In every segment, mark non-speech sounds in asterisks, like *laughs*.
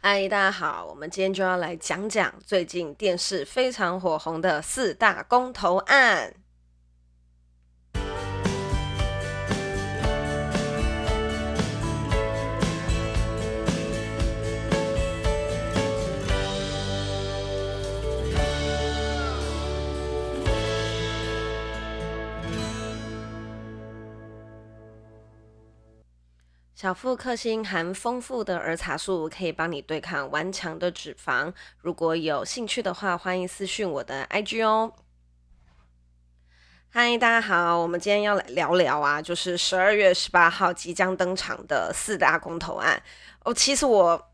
嗨，大家好，我們今天就要來講講最近電視非常火紅的四大公投案。小腹克星含豐富的兒茶素，可以幫你對抗頑強的脂肪。如果有興趣的話，歡迎私訊我的 IG 哦。嗨，大家好，我們今天要來聊聊啊，就是十二月十八號即將登場的四大公投案。哦，其實我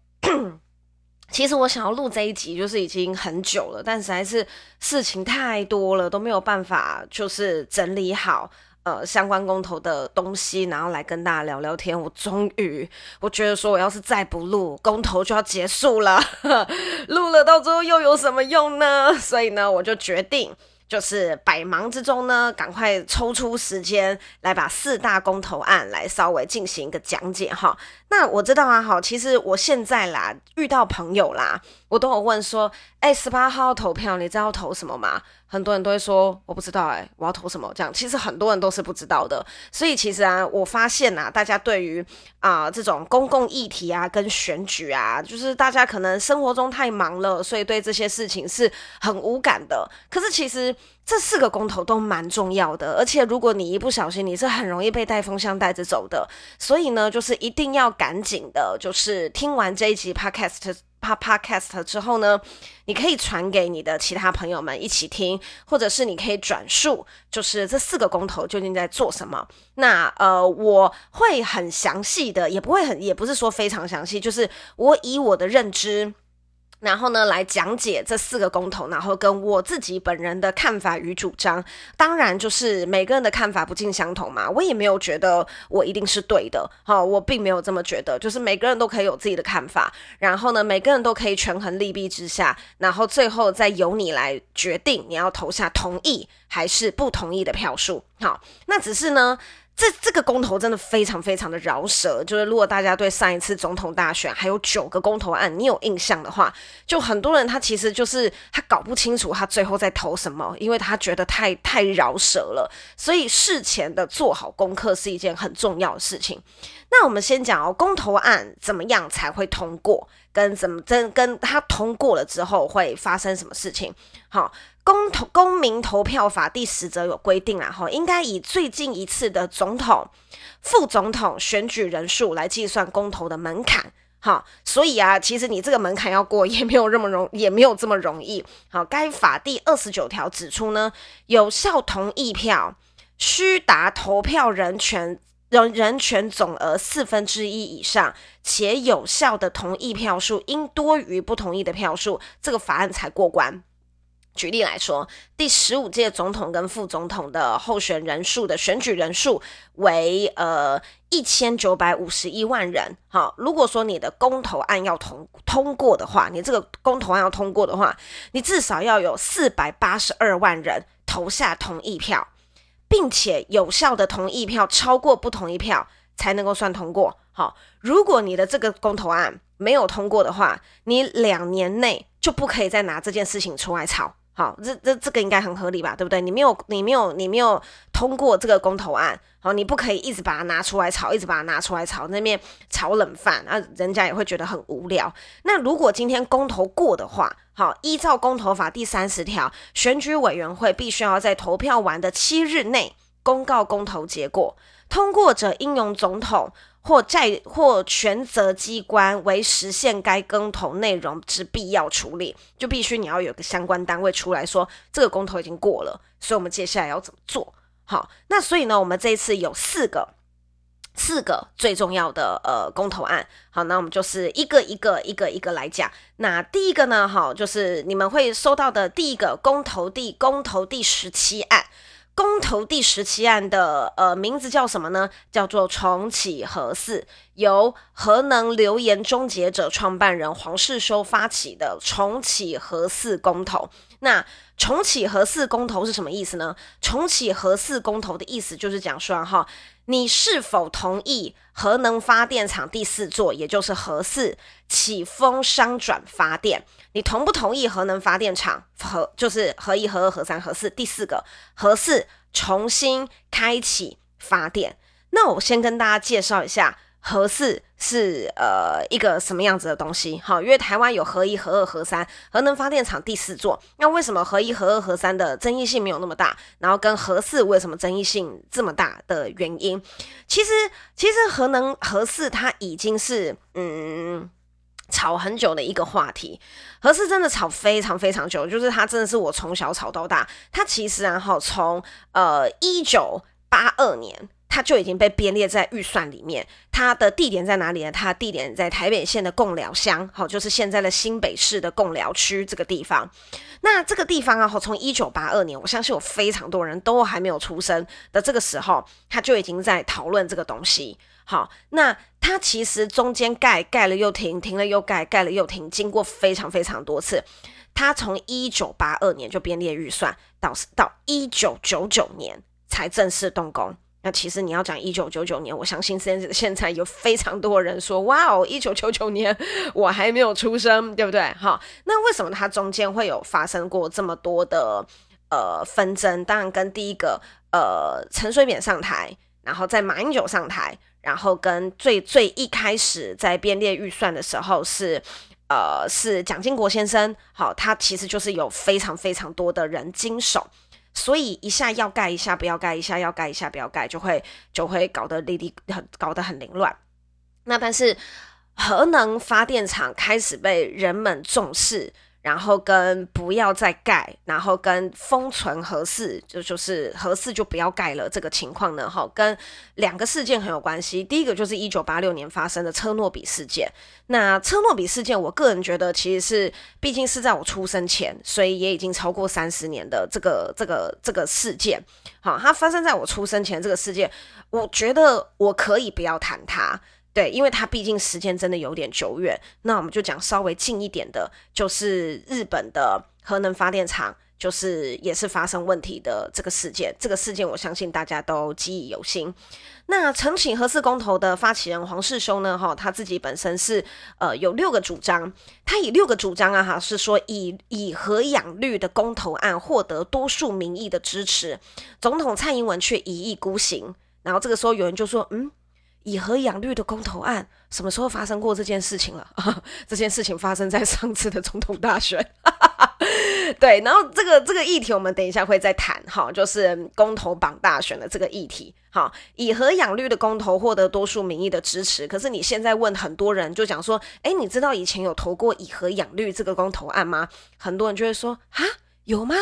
其實我想要錄這一集，就是已經很久了，但實在是事情太多了，都沒有辦法就是整理好。呃，相關公投的東西，然後來跟大家聊聊天。我終於，我覺得說，我要是再不錄公投就要結束了， *laughs* 錄了到最後又有什麼用呢？所以呢，我就決定，就是百忙之中呢，趕快抽出時間來把四大公投案來稍微進行一個講解哈。那我知道啊，齁，其實我現在啦，遇到朋友啦。我都有問說，誒、欸，十八號投票，你知道投什麼嗎？很多人都會說我不知道、欸，誒，我要投什麼？這樣其實很多人都是不知道的。所以其實啊，我發現吶、啊，大家對於啊、呃、這種公共議題啊跟選舉啊，就是大家可能生活中太忙了，所以對這些事情是很無感的。可是其實這四個公投都蠻重要的，而且如果你一不小心，你是很容易被帶風向帶着走的。所以呢，就是一定要趕緊的，就是聽完這一集 podcast。怕 podcast 之後呢，你可以傳給你的其他朋友們一起聽，或者是你可以轉述，就是這四個公投究竟在做什麼。那呃，我會很詳細的，也不會很，也不是說非常詳細，就是我以我的認知。然後呢，來講解這四個公投，然後跟我自己本人的看法與主張。當然，就是每個人的看法不盡相同嘛。我也沒有覺得我一定是對的，好、哦，我並沒有這麼覺得。就是每個人都可以有自己的看法，然後呢，每個人都可以權衡利弊之下，然後最後再由你來決定你要投下同意還是不同意的票數。好、哦，那只是呢。這這個公投真的非常非常的饒舌，就是如果大家對上一次總統大選還有九個公投案你有印象的話，就很多人他其實就是他搞不清楚他最後在投什麼，因為他覺得太太饒舌了，所以事前的做好功課是一件很重要的事情。那我們先講哦，公投案怎麼樣才會通過，跟怎麼跟跟他通過了之後會發生什麼事情？好。公投公民投票法第十則有規定啊，哈，應該以最近一次的總統、副總統選舉人數來計算公投的門檻，哈，所以啊，其實你這個門檻要過，也沒有那麼容，也沒有這麼容易。好，該法第二十九條指出呢，有效同意票須達投票人權人人權總額四分之一以上，且有效的同意票數應多於不同意的票數，這個法案才過關。舉例來說，第十五屆總統跟副總統的候選人數的選舉人數為呃一千九百五十一萬人。好、哦，如果說你的公投案要通通過的話，你這個公投案要通過的話，你至少要有四百八十二萬人投下同意票，並且有效的同意票超過不同意票才能夠算通過。好、哦，如果你的這個公投案沒有通過的話，你兩年內就不可以再拿這件事情出來炒。好，這這這個應該很合理吧，對不對？你沒有你沒有你沒有通過這個公投案，好，你不可以一直把它拿出來炒，一直把它拿出來炒，那邊炒冷飯，那、啊、人家也會覺得很無聊。那如果今天公投過的話，好，依照公投法第三十條，選舉委員會必須要在投票完的七日內公告公投結果，通過者應由總統。或債或權責機關為實現該公投內容之必要處理，就必須你要有個相關單位出來說，這個公投已經過了，所以我們接下來要怎麼做？好，那所以呢，我們這一次有四個四個最重要的呃公投案。好，那我們就是一個一個一個一個，一個來講。那第一個呢，好，就是你們會收到的第一個公投第公投第十七案。公投第十七案的呃名字叫什麼呢？叫做重啟核四，由核能流言終結者創辦人黃世修發起的重啟核四公投。那重啟核四公投是什麼意思呢？重啟核四公投的意思就是講說哈。你是否同意核能發電廠第四座，也就是核四啟封商轉發電？你同不同意核能發電廠核就是核一、核二、核三、核四第四個核四重新開啟發電？那我先跟大家介紹一下。核四是呃一個什麼樣子的東西？好，因為台灣有核一、核二、核三，核能發電廠第四座。那為什麼核一、核二、核三的爭議性沒有那麼大？然後跟核四為什麼爭議性這麼大的原因？其實，其實核能核四它已經是嗯炒很久的一個話題。核四真的炒非常非常久，就是它真的是我從小炒到大。它其實然後從呃一九八二年。它就已經被編列在預算裡面。它的地點在哪裡呢？它的地點在台北縣的貢寮鄉，好，就是現在的新北市的貢寮區這個地方。那這個地方啊，從一九八二年，我相信有非常多人都還沒有出生的這個時候，它就已經在討論這個東西。好，那它其實中間蓋蓋了又停，停了又蓋，蓋了又停，經過非常非常多次，它從一九八二年就編列預算，到到一九九九年才正式動工。那其實你要講一九九九年，我相信現在有非常多人說，哇哦，一九九九年我還沒有出生，對不對？哈，那為什麼它中間會有發生過這麼多的呃紛爭？當然跟第一個呃陳水扁上台，然後在馬英九上台，然後跟最最一開始在編列預算的時候是呃是蔣經國先生，好，他其實就是有非常非常多的人經手。所以一下要蓋一下不要蓋，一下要蓋一下不要蓋，就會就會搞得里里很搞得很凌亂。那但是核能發電廠開始被人們重視。然後跟不要再蓋，然後跟封存核四，就就是核四就不要蓋了。這個情況呢，哈，跟兩個事件很有關係。第一個就是一九八六年發生的車諾比事件。那車諾比事件，我個人覺得其實是，畢竟是在我出生前，所以也已經超過三十年的這個這個這個事件。好，它發生在我出生前這個事件，我覺得我可以不要談它。對，因為它畢竟時間真的有點久遠，那我們就講稍微近一點的，就是日本的核能發電廠，就是也是發生問題的這個事件。這個事件我相信大家都記憶猶新。那重啟核四公投的發起人黃士修呢，哈、哦，他自己本身是呃有六個主張，他以六個主張啊哈，是說以以核養綠的公投案獲得多數民意的支持，總統蔡英文卻一意孤行。然後這個時候有人就說，嗯。以核養綠的公投案什麼時候發生過這件事情了？啊、哦，這件事情發生在上次的總統大選。 *laughs* 對，然後這個這個議題我們等一下會再談哈、哦，就是公投綁大選的這個議題哈、哦。以核養綠的公投獲得多數民意的支持，可是你現在問很多人就講說，哎、欸，你知道以前有投過以核養綠這個公投案嗎？很多人就會說啊，有嗎？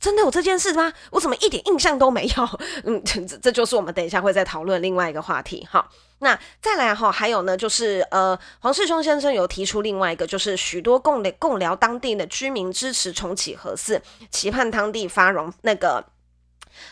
真的有這件事嗎？我怎麼一點印象都沒有？嗯，這這就是我們等一下會再討論另外一個話題哈。那再來哈，還有呢，就是呃，黃士修先生有提出另外一個，就是許多貢貢寮當地的居民支持重啟核四，期盼當地發榮那個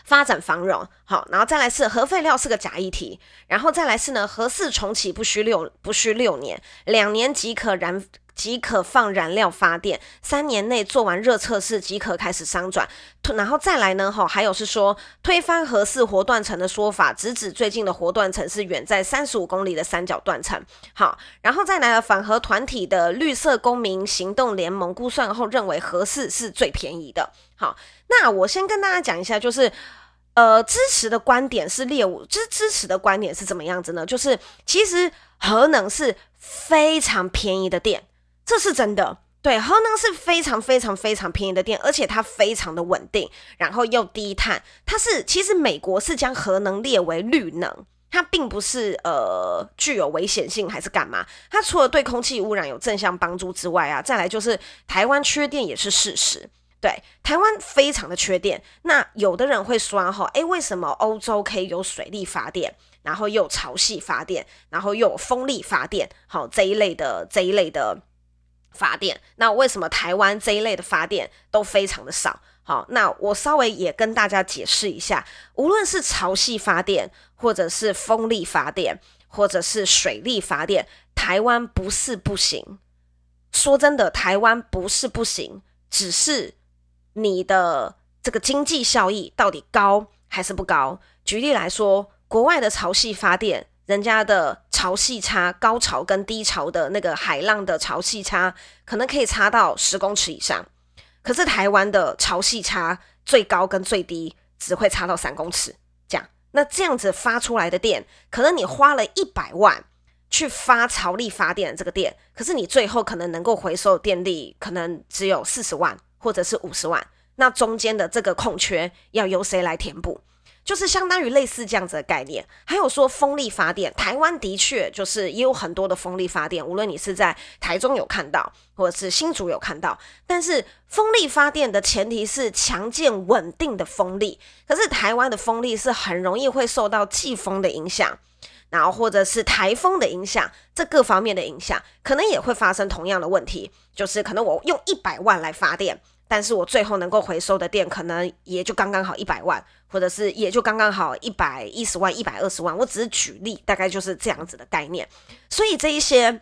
發展繁榮。好，然後再來是核廢料是個假議題，然後再來是呢，核四重啟不需六不需六年，兩年即可燃即可放燃料發電，三年內做完熱測試即可開始商轉，然後再來呢，吼，還有是說推翻核四活斷層的說法，直指最近的活斷層是遠在三十五公里的三角斷層。好，然後再來呢，反核團體的綠色公民行動聯盟估算後認為核四是最便宜的。好，那我先跟大家講一下就是。呃，支持的觀點是獵物，支支持的觀點是怎麼樣子呢？就是其實核能是非常便宜的電，這是真的。對，核能是非常非常非常便宜的電，而且它非常的穩定，然後又低碳。它是其實美國是將核能列為綠能，它並不是呃具有危險性還是幹嘛？它除了對空氣污染有正向幫助之外啊，再來就是台灣缺電也是事實。對，台灣非常的缺電。那有的人會說哈，哎，為什麼歐洲可以有水力發電，然後又潮汐發電，然後又風力發電，好這一類的這一類的發電？那為什麼台灣這一類的發電都非常的少？好，那我稍微也跟大家解釋一下，無論是潮汐發電，或者是風力發電，或者是水力發電，台灣不是不行。說真的，台灣不是不行，只是。你的這個經濟效益到底高還是不高？舉例來說，國外的潮汐發電，人家的潮汐差，高潮跟低潮的那個海浪的潮汐差，可能可以差到十公尺以上。可是台灣的潮汐差最高跟最低只會差到三公尺，這樣。那這樣子發出來的電，可能你花了一百萬去發潮力發電這個電，可是你最後可能能夠回收的電力，可能只有四十萬，或者是五十萬，那中間的這個空缺要由誰來填補？就是相當於類似這樣子的概念。還有說風力發電，台灣的確就是也有很多的風力發電，無論你是在台中有看到，或者是新竹有看到。但是風力發電的前提是強健穩定的風力，可是台灣的風力是很容易會受到季風的影響。然後，或者是颱風的影響，這各方面的影響，可能也會發生同樣的問題。就是可能我用一百萬來發電，但是我最後能夠回收的電，可能也就剛剛好一百萬，或者是也就剛剛好一百一十萬、一百二十萬。我只是舉例，大概就是這樣子的概念。所以這一些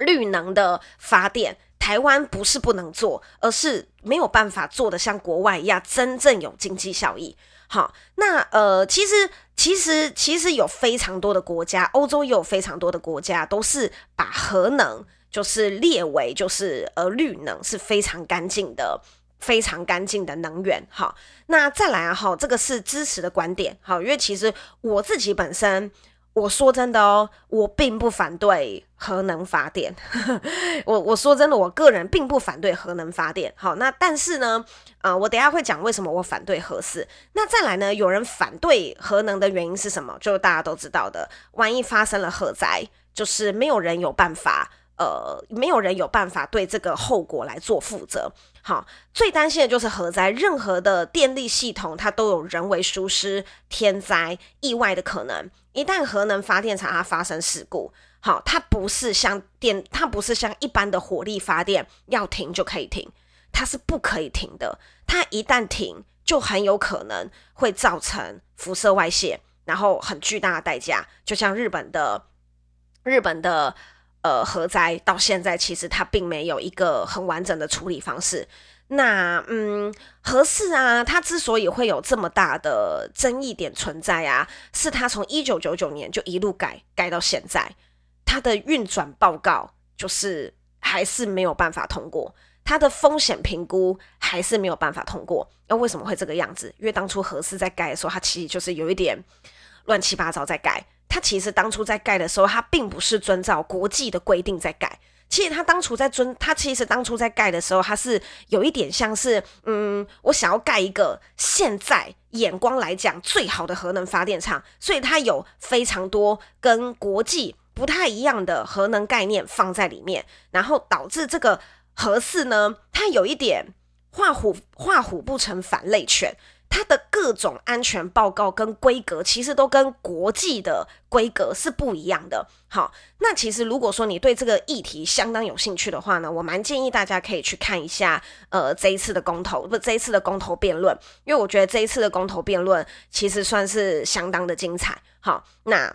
綠能的發電，台灣不是不能做，而是沒有辦法做得像國外一樣真正有經濟效益。好，那呃，其實其實其實有非常多的國家，歐洲也有非常多的國家，都是把核能就是列為就是呃綠能是非常乾淨的，非常乾淨的能源。好，那再來啊，哈，這個是支持的觀點，好，因為其實我自己本身。我說真的哦，我並不反對核能發電。 *laughs* 我我說真的，我個人並不反對核能發電。好，那但是呢，呃，我等一下會講為什麼我反對核四。那再來呢，有人反對核能的原因是什麼？就大家都知道的，萬一發生了核災，就是沒有人有辦法，呃，沒有人有辦法對這個後果來做負責。好，最擔心的就是核災。任何的電力系統，它都有人為疏失、天災、意外的可能。一旦核能發電廠它發生事故，好，它不是像電，它不是像一般的火力發電，要停就可以停，它是不可以停的。它一旦停，就很有可能會造成輻射外泄，然後很巨大的代價。就像日本的，日本的。呃，核災到現在其實它並沒有一個很完整的處理方式。那嗯，核四啊，它之所以會有這麼大的爭議點存在啊，是它從一九九九年就一路改改到現在，它的運轉報告就是還是沒有辦法通過，它的風險評估還是沒有辦法通過。那、呃、為什麼會這個樣子？因為當初核四在改的時候，它其實就是有一點。亂七八糟在蓋，它其實當初在蓋的時候，它並不是遵照國際的規定在蓋。其實它當初在遵，它其實當初在蓋的時候，它是有一點像是，嗯，我想要蓋一個現在眼光來講最好的核能發電廠，所以它有非常多跟國際不太一樣的核能概念放在裡面，然後導致這個核四呢，它有一點畫虎畫虎不成反類犬。它的各種安全報告跟規格其實都跟國際的規格是不一樣的。好，那其實如果說你對這個議題相當有興趣的話呢，我蠻建議大家可以去看一下，呃，這一次的公投不，這一次的公投辯論，因為我覺得這一次的公投辯論其實算是相當的精彩。好，那。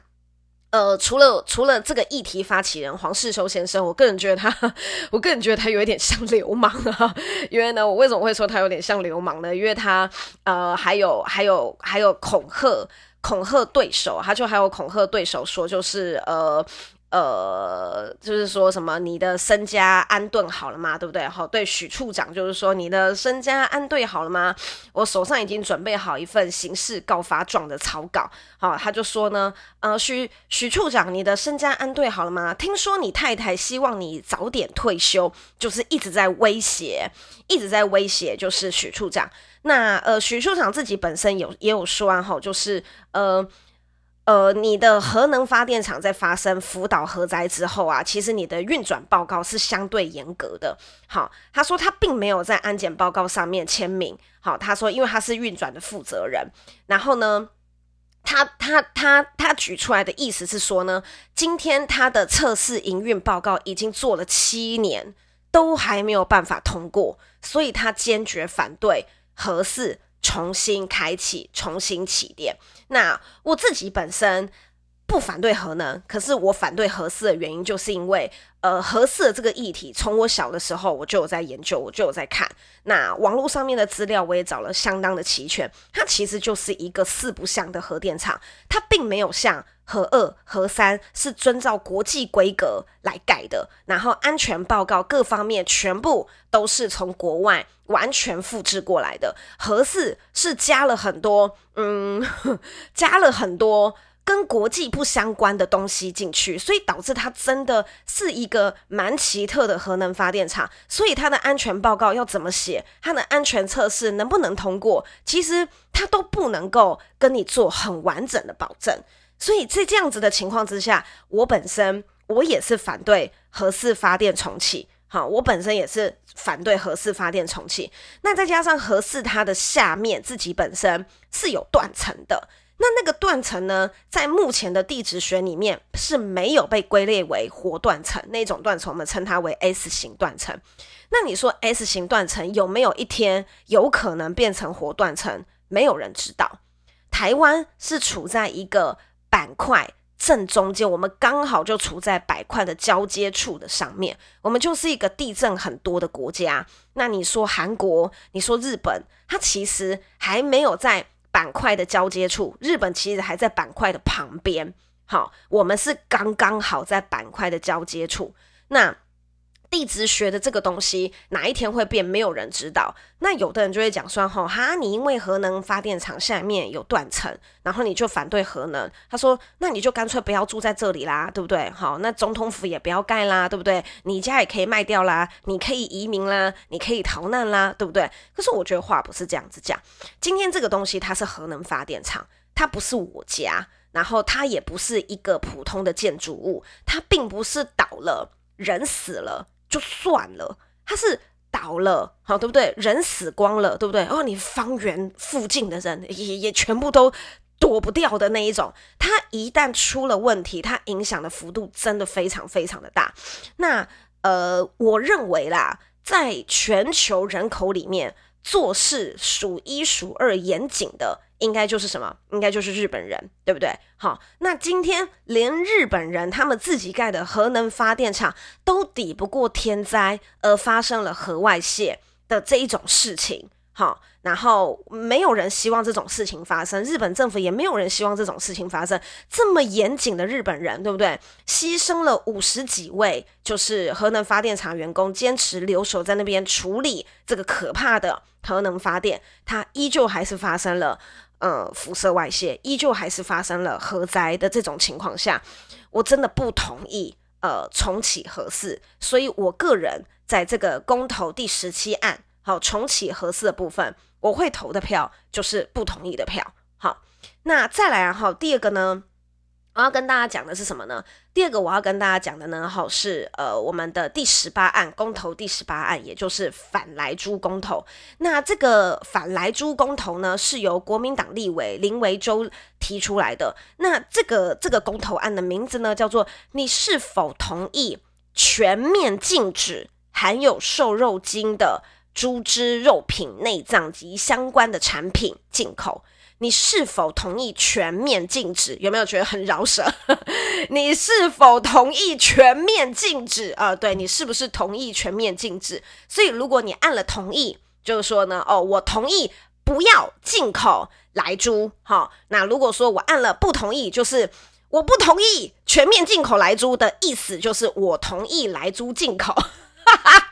呃，除了除了這個議題發起人黃士修先生，我個人覺得他，我個人覺得他有一點像流氓啊。因為呢，我為什麼會說他有點像流氓呢？因為他，呃，還有還有還有恐嚇恐嚇對手，他就還有恐嚇對手，說就是呃。呃，就是說什麼你的身家安頓好了嗎？對不對？好、哦，對許處長就是說你的身家安頓好了嗎？我手上已經準備好一份刑事告發狀的草稿。好、哦，他就說呢，呃，許許處長，你的身家安頓好了嗎？聽說你太太希望你早點退休，就是一直在威脅，一直在威脅，就是許處長。那呃，許處長自己本身有也有說啊、哦、就是呃。呃，你的核能發電廠在發生福島核災之後啊，其實你的運轉報告是相對嚴格的。好，他說他並沒有在安檢報告上面簽名。好，他說因為他是運轉的負責人。然後呢，他他他他，他舉出來的意思是說呢，今天他的測試營運報告已經做了七年，都還沒有辦法通過，所以他堅決反對核四。重新開啟，重新起點。那我自己本身，不反對核能，可是我反對核四的原因，就是因為呃，核四的這個議題，從我小的時候我就有在研究，我就有在看。那網絡上面的資料，我也找了相當的齊全。它其實就是一個四不像的核電廠，它並沒有像核二、核三是遵照國際規格來蓋的，然後安全報告各方面全部都是從國外完全複製過來的。核四是加了很多，嗯，加了很多。跟國際不相關的東西進去，所以導致它真的是一個蠻奇特的核能發電廠。所以它的安全報告要怎麼寫，它的安全測試能不能通過，其實它都不能夠跟你做很完整的保證。所以在這樣子的情況之下，我本身我也是反對核四發電重啟。好，我本身也是反對核四發電重啟。那再加上核四它的下面自己本身是有斷層的。那那個斷層呢，在目前的地質學裡面是沒有被歸類為活斷層。那種斷層我們稱它為 S 型斷層。那你說 S 型斷層有沒有一天有可能變成活斷層？沒有人知道。台灣是處在一個板塊正中間，我們剛好就處在板塊的交接處的上面，我們就是一個地震很多的國家。那你說韓國，你說日本，它其實還沒有在。板塊的交接處，日本其實還在板塊的旁邊。好，我們是剛剛好在板塊的交接處。那。地質學的這個東西哪一天會變，沒有人知道。那有的人就會講說：“哈，你因為核能發電廠下面有斷層，然後你就反對核能。”他說：“那你就乾脆不要住在這裡啦，對不對？好，那總統府也不要蓋啦，對不對？你家也可以賣掉啦，你可以移民啦，你可以逃難啦，對不對？”可是我覺得話不是這樣子講。今天這個東西它是核能發電廠，它不是我家，然後它也不是一個普通的建築物，它並不是倒了，人死了。就算了，它是倒了，好、哦、對不對？人死光了，對不對？哦，你方圓附近的人也也全部都躲不掉的那一種。它一旦出了問題，它影響的幅度真的非常非常的大。那呃，我認為啦，在全球人口裡面，做事數一數二嚴謹的。應該就是什麼？應該就是日本人，對不對？好，那今天連日本人他們自己蓋的核能發電廠都抵不過天災而發生了核外洩的這一種事情，好，然後沒有人希望這種事情發生，日本政府也沒有人希望這種事情發生。這麼嚴謹的日本人，對不對？犧牲了五十幾位，就是核能發電廠員工，堅持留守在那邊處理這個可怕的核能發電，它依舊還是發生了。呃，輻射外泄依舊還是發生了核災的這種情況下，我真的不同意呃重啟核四，所以我個人在這個公投第十七案好，哦，重啟核四的部分，我會投的票就是不同意的票。好，那再來然後，啊哦，第二個呢？我要跟大家講的是什麼呢？第二個我要跟大家講的呢，吼是呃我們的第十八案公投第案，第十八案也就是反萊豬公投。那這個反萊豬公投呢，是由國民黨立委林維洲提出來的。那這個這個公投案的名字呢，叫做“你是否同意全面禁止含有瘦肉精的豬隻、肉品、內臟及相關的產品進口”。你是否同意全面禁止？有沒有覺得很饒舌？ *laughs* 你是否同意全面禁止？啊、呃，對，你是不是同意全面禁止？所以如果你按了同意，就是說呢，哦，我同意不要進口萊豬。好，那如果說我按了不同意，就是我不同意全面進口萊豬的意思，就是我同意萊豬進口。 *laughs*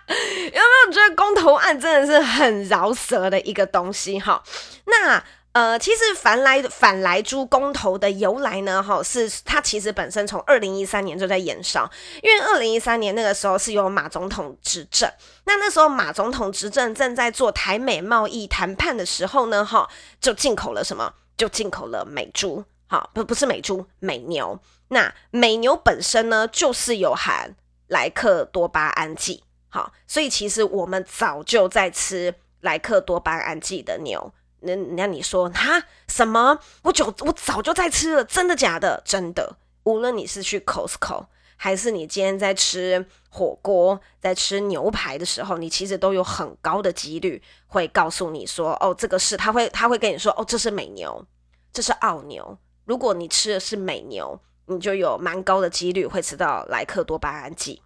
有沒有覺得公投案真的是很饒舌的一個東西？好，那。呃，其實反萊反萊豬公投的由來呢，哈，是它其實本身從二零一三年就在延燒，因為二零一三年那個時候是由馬總統執政，那那時候馬總統執政正在做台美貿易談判的時候呢，哈，就進口了什麼？就進口了美豬，好，不不是美豬美牛，那美牛本身呢，就是有含萊克多巴胺劑，好，所以其實我們早就在吃萊克多巴胺劑的牛。那那你說哈什麼？我就我早就在吃了，真的假的？真的。無論你是去 Costco，還是你今天在吃火鍋、在吃牛排的時候，你其實都有很高的幾率會告訴你說：“哦，這個是。”他會他會跟你說：“哦，這是美牛，這是澳牛。”如果你吃的是美牛，你就有蠻高的幾率會吃到萊克多巴胺劑。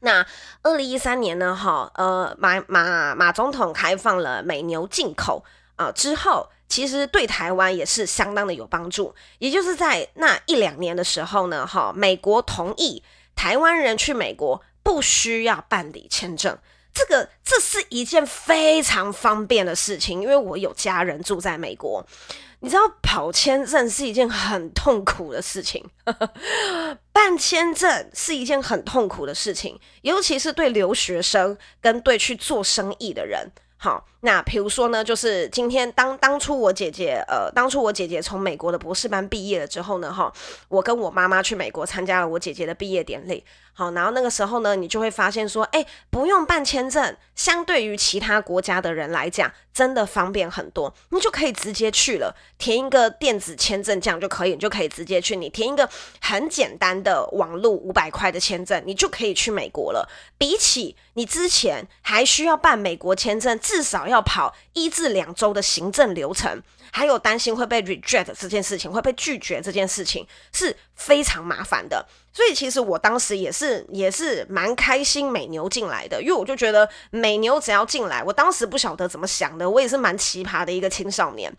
那二零一三年呢？哈，呃，馬馬馬總統開放了美牛進口。啊，之後其實對台灣也是相當的有幫助。也就是在那一兩年的時候呢，哈，美國同意台灣人去美國不需要辦理簽證。這個這是一件非常方便的事情。因為我有家人住在美國，你知道跑簽證是一件很痛苦的事情， *laughs* 辦簽證是一件很痛苦的事情，尤其是對留學生跟對去做生意的人。好，那比如說呢，就是今天當當初我姐姐，呃，當初我姐姐從美國的博士班畢業了之後呢，哈，我跟我媽媽去美國參加了我姐姐的畢業典禮。好，然後那個時候呢，你就會發現說，哎、欸，不用辦簽證，相對於其他國家的人來講，真的方便很多。你就可以直接去了，填一個電子簽證，這樣就可以，你就可以直接去。你填一個很簡單的網路五百塊的簽證，你就可以去美國了。比起你之前還需要辦美國簽證，至少要跑一至兩週的行政流程。還有擔心會被 reject 這件事情，會被拒絕這件事情是非常麻煩的。所以其實我當時也是也是蠻開心美牛進來的，因為我就覺得美牛只要進來，我當時不曉得怎麼想的，我也是蠻奇葩的一個青少年。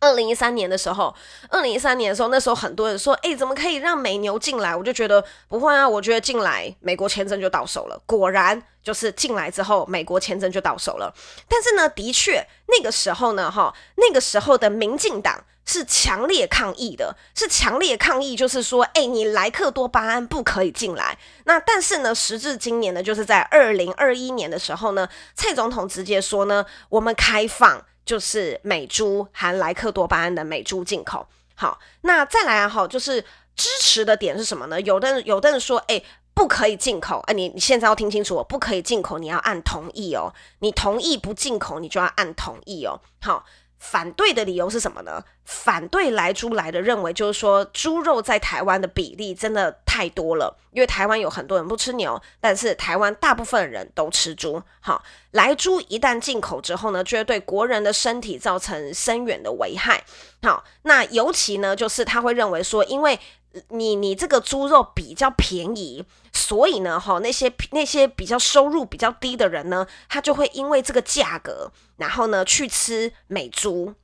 二零一三年的時候，二零一三年的時候，那時候很多人說：“欸，怎麼可以讓美牛進來？”我就覺得不會啊，我覺得進來美國簽證就到手了。果然就是進來之後，美國簽證就到手了。但是呢，的確那個時候呢，哈，那個時候的民進黨是強烈抗議的，是強烈抗議，就是說：“欸，你萊克多巴胺不可以進來。”那但是呢，時至今年呢，就是在二零二一年的時候呢，蔡總統直接說呢：“我們開放。”就是美豬含萊克多巴胺的美豬進口，好，那再來哈、啊，就是支持的點是什麼呢？有的人有的人說，哎、欸，不可以進口，哎、欸，你你現在要聽清楚，不可以進口，你要按同意哦，你同意不進口，你就要按同意哦，好。反對的理由是什麼呢？反對萊豬來的認為，就是說豬肉在台灣的比例真的太多了，因為台灣有很多人不吃牛，但是台灣大部分人都吃豬。好，萊豬一旦進口之後呢，就會對國人的身體造成深遠的危害。好，那尤其呢，就是他會認為說，因為。你你這個豬肉比較便宜，所以呢哈，那些那些比較收入比較低的人呢，他就會因為這個價格，然後呢去吃美豬，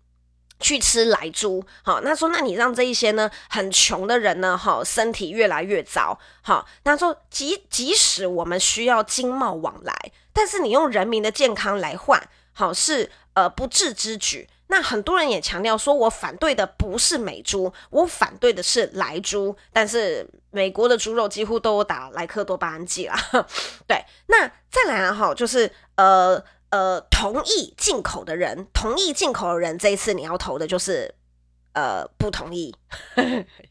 去吃萊豬。好，那說那你讓這一些呢很窮的人呢，好，身體越來越糟。好，那說即即使我們需要經貿往來，但是你用人民的健康來換，好是呃不智之舉。那很多人也強調說，我反對的不是美豬，我反對的是萊豬，但是美國的豬肉幾乎都打萊克多巴胺劑了， *laughs* 對。那再來啊哈，就是呃呃，同意進口的人，同意進口的人，這一次你要投的就是呃不同意， *laughs*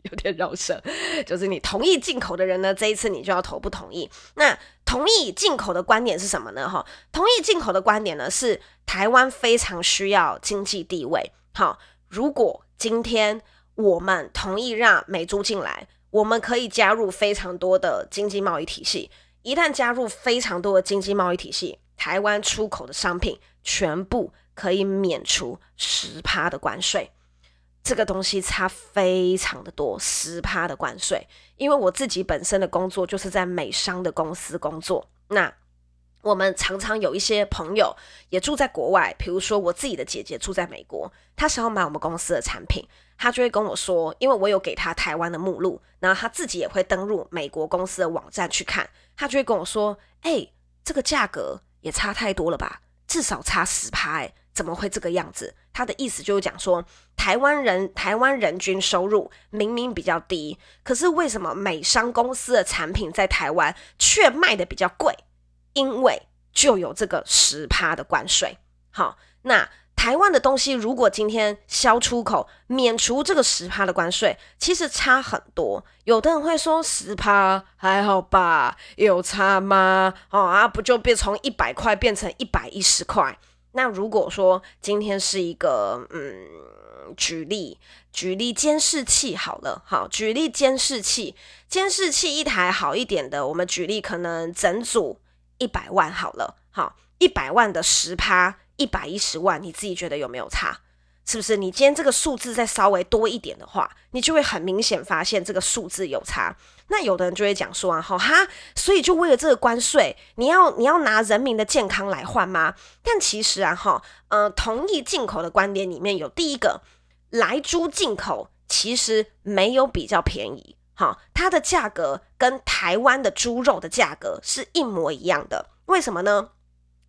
有點繞舌，就是你同意進口的人呢，這一次你就要投不同意。那同意進口的觀點是什麼呢？哈，同意進口的觀點呢是台灣非常需要經濟地位。哈，如果今天我們同意讓美豬進來，我們可以加入非常多的經濟貿易體系。一旦加入非常多的經濟貿易體系，台灣出口的商品，全部可以免除十趴的關稅。這個東西差非常的多，十趴的關稅。因為我自己本身的工作就是在美商的公司工作，那我們常常有一些朋友也住在國外，比如說我自己的姐姐住在美國，她想要買我們公司的產品，她就會跟我說，因為我有給她台灣的目錄，然後她自己也會登入美國公司的網站去看，她就會跟我說：“哎、欸，這個價格也差太多了吧，至少差十趴，哎、欸，怎麼會這個樣子？”他的意思就是講說，台灣人台灣人均收入明明比較低，可是為什麼美商公司的產品在台灣卻賣得比較貴？因為就有這個十趴的關稅。好，那台灣的東西如果今天銷出口，免除這個十趴的關稅，其實差很多。有的人會說10，十趴還好吧，有差嗎？哦、啊，不就變從一百塊變成一百一十塊？那如果說今天是一個嗯，舉例舉例監視器好了，好，舉例監視器，監視器一台好一點的，我們舉例可能整組一百萬好了，好，一百萬的十趴，一百一十萬，你自己覺得有沒有差？是不是你今天這個數字再稍微多一點的話，你就會很明顯發現這個數字有差。那有的人就會講說啊哈，所以就為了這個關稅，你要你要拿人民的健康來換嗎？但其實啊哈，嗯、呃，同意進口的觀點裡面有第一個，萊豬進口其實沒有比較便宜，哈，它的價格跟台灣的豬肉的價格是一模一樣的。為什麼呢？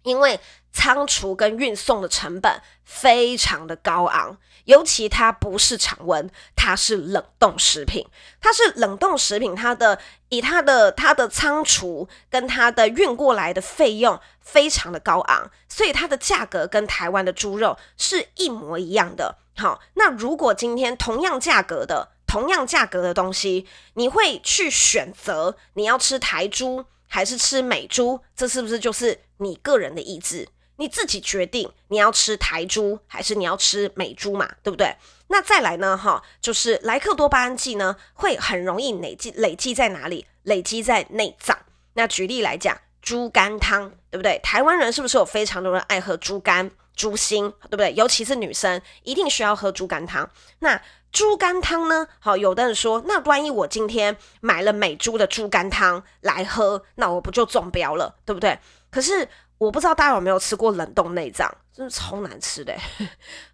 因為倉儲跟運送的成本非常的高昂，尤其它不是常溫，它是冷凍食品，它是冷凍食品，它的以它的它的倉儲跟它的運過來的費用非常的高昂，所以它的價格跟台灣的豬肉是一模一樣的。好，那如果今天同樣價格的同樣價格的東西，你會去選擇你要吃台豬，還是吃美豬，這是不是就是你個人的意志？你自己決定你要吃台豬，還是你要吃美豬嘛，對不對？那再來呢，哈，就是萊克多巴胺劑呢，會很容易累積，累積在哪裡？累積在內臟。那舉例來講，豬肝湯，對不對？台灣人是不是有非常多的人愛喝豬肝、豬心，對不對？尤其是女生，一定需要喝豬肝湯。那豬肝湯呢？好，有的人說，那萬一我今天買了美豬的豬肝湯來喝，那我不就中標了，對不對？可是我不知道大家有沒有吃過冷凍內臟，真的超難吃的誒，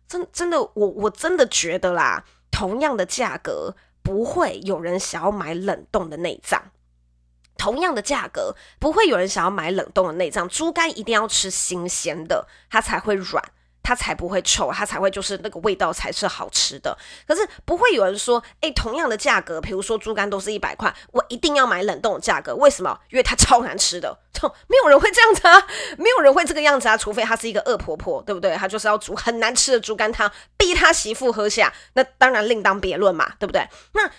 真真的，我我真的覺得啦，同樣的價格不會有人想要買冷凍的內臟，同樣的價格不會有人想要買冷凍的內臟，豬肝一定要吃新鮮的，它才會軟。它才不會臭，它才會就是那個味道才是好吃的。可是不會有人說，哎，同樣的價格，比如說豬肝都是一百塊，我一定要買冷凍的價格，為什麼？因為它超難吃的，就沒有人會這樣子啊，沒有人會這個樣子啊，除非她是一個惡婆婆，對不對？她就是要煮很難吃的豬肝湯，逼她媳婦喝下，那當然另當別論嘛，對不對？那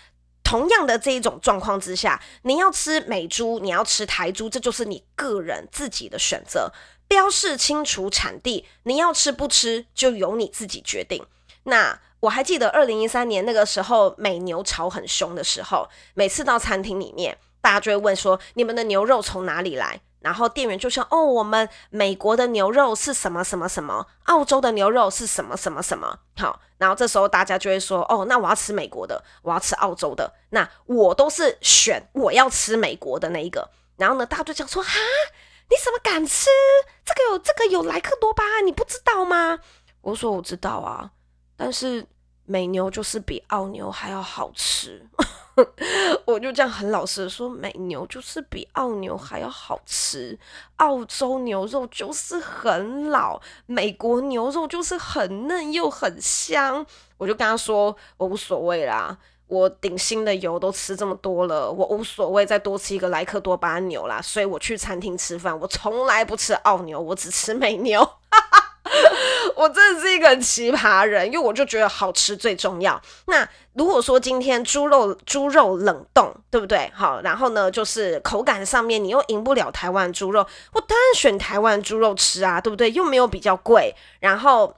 同樣的這一種狀況之下，你要吃美豬，你要吃台豬，這就是你個人自己的選擇。標示清楚產地，你要吃不吃就由你自己決定。那我還記得二零一三年那個時候美牛吵很凶的時候，每次到餐廳裡面，大家就會問說：“你們的牛肉從哪裡來？”然後店員就說：“哦，我們美國的牛肉是什麼什麼什麼，澳洲的牛肉是什麼什麼什麼。”好，然後這時候大家就會說：“哦，那我要吃美國的，我要吃澳洲的。”那我都是選我要吃美國的那一個。然後呢，大家就講說：“哈。”你怎麼敢吃？這個有這個有萊克多巴胺，你不知道嗎？我說我知道啊，但是美牛就是比澳牛還要好吃。 *laughs* 我就這樣很老實的說，美牛就是比澳牛還要好吃。澳洲牛肉就是很老，美國牛肉就是很嫩又很香。我就跟他說，我無所謂啦。我頂新的油都吃這麼多了，我無所謂再多吃一個萊克多巴牛啦，所以我去餐廳吃飯，我從來不吃澳牛，我只吃美牛， *laughs* 我真的是一個很奇葩人，因為我就覺得好吃最重要。那如果說今天豬肉豬肉冷凍，對不對？好，然後呢，就是口感上面你又贏不了台灣豬肉，我當然選台灣豬肉吃啊，對不對？又沒有比較貴，然後。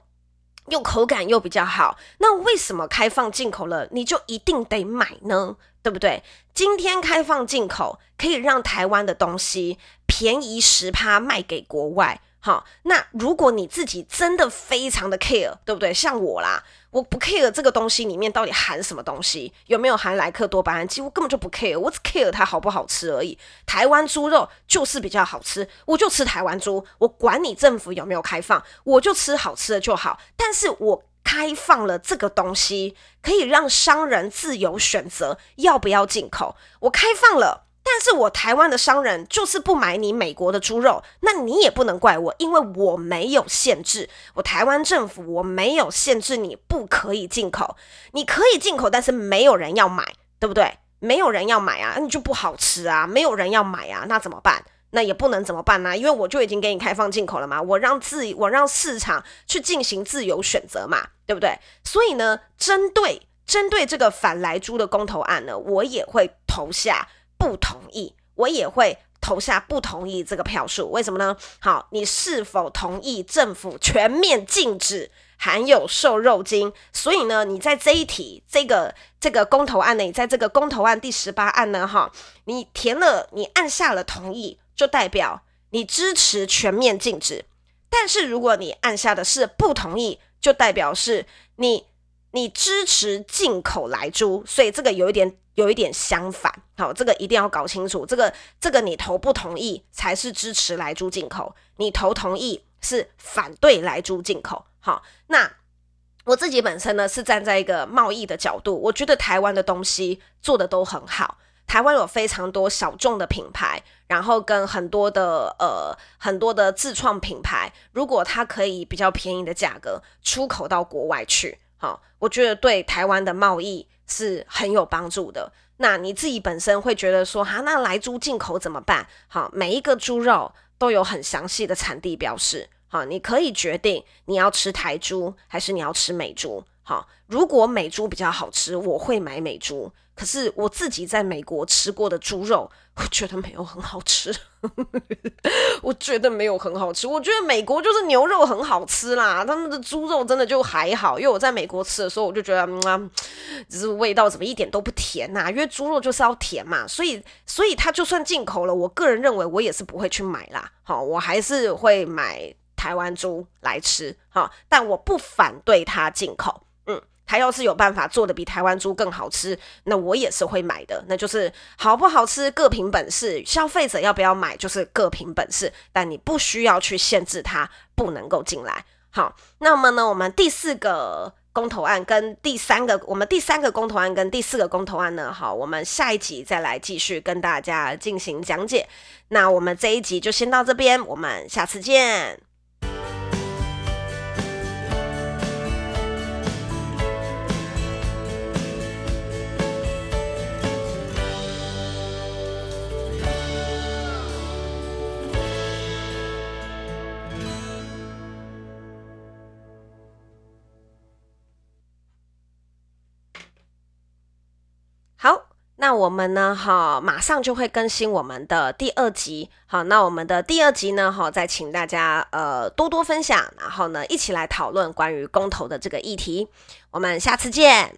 又口感又比較好，那為什麼開放進口了，你就一定得買呢？對不對？今天開放進口，可以讓台灣的東西便宜十趴賣給國外，好，那如果你自己真的非常的 care，對不對？像我啦。我不 care 這個東西裡面到底含什麼東西，有沒有含萊克多巴胺，幾乎根本就不 care，我只 care 它好不好吃而已。台灣豬肉就是比較好吃，我就吃台灣豬，我管你政府有沒有開放，我就吃好吃的就好。但是我開放了這個東西，可以讓商人自由選擇要不要進口，我開放了。但是我台灣的商人就是不買你美國的豬肉，那你也不能怪我，因為我沒有限制，我台灣政府我沒有限制你不可以進口，你可以進口，但是沒有人要買，對不對？沒有人要買啊，那你就不好吃啊，沒有人要買啊，那怎麼辦？那也不能怎麼辦呢、啊？因為我就已經給你開放進口了嘛，我讓自我讓市場去進行自由選擇嘛，對不對？所以呢，針對針對這個反萊豬的公投案呢，我也會投下。不同意，我也會投下不同意這個票數。為什麼呢？好，你是否同意政府全面禁止含有瘦肉精？所以呢，你在這一題，這個這個公投案呢，你在這個公投案第十八案呢，哈，你填了，你按下了同意，就代表你支持全面禁止。但是如果你按下的是不同意，就代表是你。你支持進口萊豬，所以這個有一點有一點相反。好，這個一定要搞清楚。這個這個你投不同意才是支持萊豬進口，你投同意是反對萊豬進口。好，那我自己本身呢，是站在一個貿易的角度，我覺得台灣的東西做的都很好，台灣有非常多小眾的品牌，然後跟很多的呃很多的自創品牌，如果它可以比較便宜的價格出口到國外去。好，我覺得對台灣的貿易是很有幫助的。那你自己本身會覺得說，哈、啊，那萊豬進口怎麼辦？好，每一個豬肉都有很詳細的產地標示。好，你可以決定你要吃台豬還是你要吃美豬。好，如果美豬比較好吃，我會買美豬。可是我自己在美國吃過的豬肉，我覺得沒有很好吃。 *laughs* 我覺得沒有很好吃。我覺得美國就是牛肉很好吃啦，他們的豬肉真的就還好。因為我在美國吃的時候，我就覺得，嗯，啊，只是味道怎麼一點都不甜吶？因為豬肉就是要甜嘛，所以，所以它就算進口了，我個人認為我也是不會去買啦。好，我還是會買台灣豬來吃。好，但我不反對它進口。還要是有辦法做的比台灣豬更好吃，那我也是會買的。那就是好不好吃各憑本事，消費者要不要買就是各憑本事。但你不需要去限制它不能夠進來。好，那麼呢，我們第四個公投案跟第三個，我們第三個公投案跟第四個公投案呢，好，我們下一集再來繼續跟大家進行講解。那我們這一集就先到這邊，我們下次見。那我們呢，哈，馬上就會更新我們的第二集。好，那我們的第二集呢，哈，再請大家呃多多分享，然後呢，一起來討論關於公投的這個議題。我們下次見。